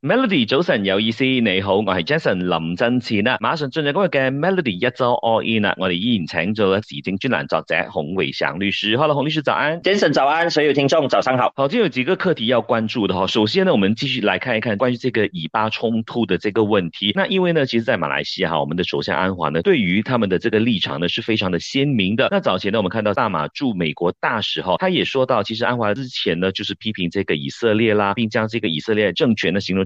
Melody 早晨有意思，你好，我係 Jason 林振賜啦。馬上進入今日嘅 Melody 一周 all in 我哋依然請咗時政專欄作者洪偉祥律師。Hello，洪律師早安，Jason 早安，所有聽眾早上好。好，今日有幾個課題要關注的哈。首先呢，我們繼續來看一看關於這個以巴衝突的這個問題。那因為呢，其實在馬來西亞哈，我們的首相安華呢，對於他們的這個立場呢，是非常的鮮明的。那早前呢，我們看到大馬駐美國大使哈，他也說到，其實安華之前呢，就是批評這個以色列啦，並將這個以色列政權呢形容。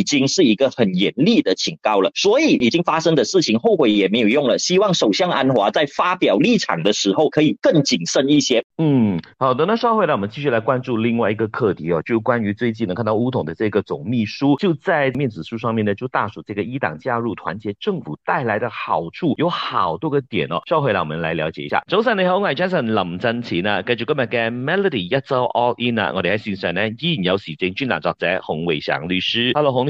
已經是一個很嚴厲的警告了，所以已經發生的事情後悔也沒有用了。希望首相安華在發表立場的時候可以更謹慎一些。嗯，好的，那稍後呢，我們繼續來關注另外一個課題哦，就關於最近能看到巫統的這個總秘書就在面子書上面呢，就大數這個伊黨加入團結政府帶來的好處有好多個點哦。稍後呢，我們來了解一下。早晨你好，我是 Jason 林真奇呢，跟住今日嘅 Melody 一周 All In 啊，我哋喺綫上呢依然有時政專欄作者洪維祥律師。Hello，、嗯、洪。